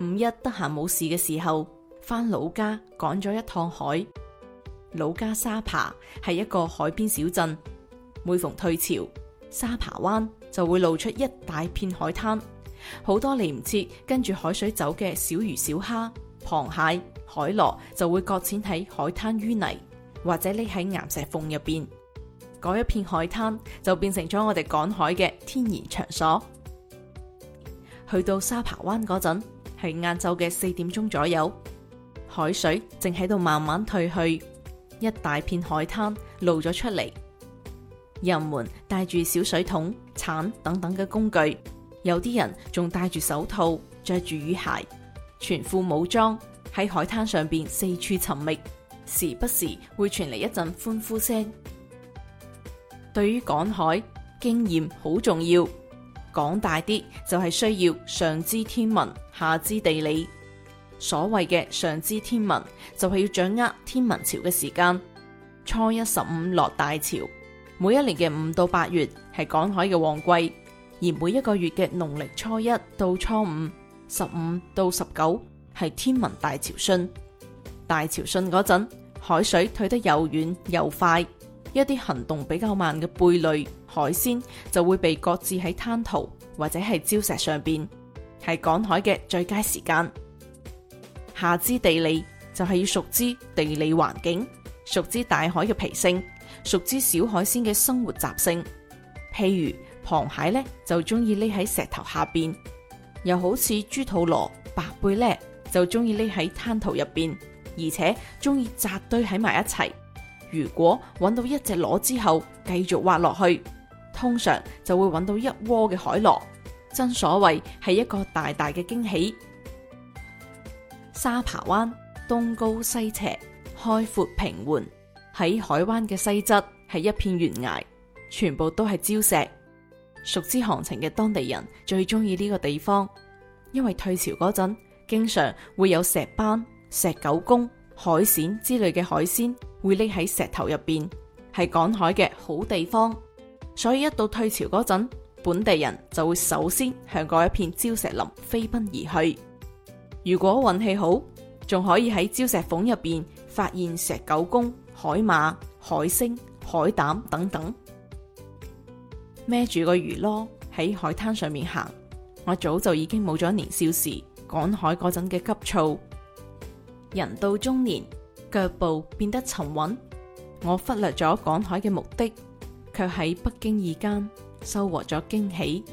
五一得閒冇事嘅時候，翻老家趕咗一趟海。老家沙扒係一個海邊小鎮，每逢退潮，沙扒灣就會露出一大片海灘，好多嚟唔切跟住海水走嘅小魚小蝦、螃蟹、海螺就會擱淺喺海灘淤泥或者匿喺岩石縫入邊。嗰一片海灘就變成咗我哋趕海嘅天然場所。去到沙扒灣嗰陣，係晏晝嘅四點鐘左右，海水正喺度慢慢退去，一大片海灘露咗出嚟。人們帶住小水桶、鏟等等嘅工具，有啲人仲戴住手套、着住雨鞋，全副武裝喺海灘上邊四處尋覓，時不時會傳嚟一陣歡呼聲。對於趕海，經驗好重要。講大啲就係需要上知天文，下知地理。所謂嘅上知天文就係要掌握天文潮嘅時間，初一十五落大潮。每一年嘅五到八月係趕海嘅旺季，而每一個月嘅農曆初一到初五、十五到十九係天文大潮汛。大潮汛嗰陣，海水退得又遠又快。一啲行動比較慢嘅貝類海鮮就會被擱置喺灘塗或者係礁石上邊，係趕海嘅最佳時間。下知地理就係、是、要熟知地理環境，熟知大海嘅脾性，熟知小海鮮嘅生活習性。譬如螃蟹呢，就中意匿喺石頭下邊，又好似豬肚螺、白貝呢，就中意匿喺灘塗入邊，而且中意紮堆喺埋一齊。如果揾到一隻螺之後，繼續挖落去，通常就會揾到一窩嘅海螺。真所謂係一個大大嘅驚喜。沙扒灣東高西斜，開闊平緩。喺海灣嘅西側係一片懸崖，全部都係礁石。熟知行情嘅當地人最中意呢個地方，因為退潮嗰陣，經常會有石斑、石狗公。海鮮之類嘅海鮮會匿喺石頭入邊，係趕海嘅好地方。所以一到退潮嗰陣，本地人就會首先向嗰一片礁石林飛奔而去。如果運氣好，仲可以喺礁石縫入邊發現石狗公、海馬、海星、海膽等等。孭住個魚籮喺海灘上面行，我早就已經冇咗年少時趕海嗰陣嘅急躁。人到中年，腳步變得沉穩。我忽略咗趕海嘅目的，卻喺不經意間收穫咗驚喜。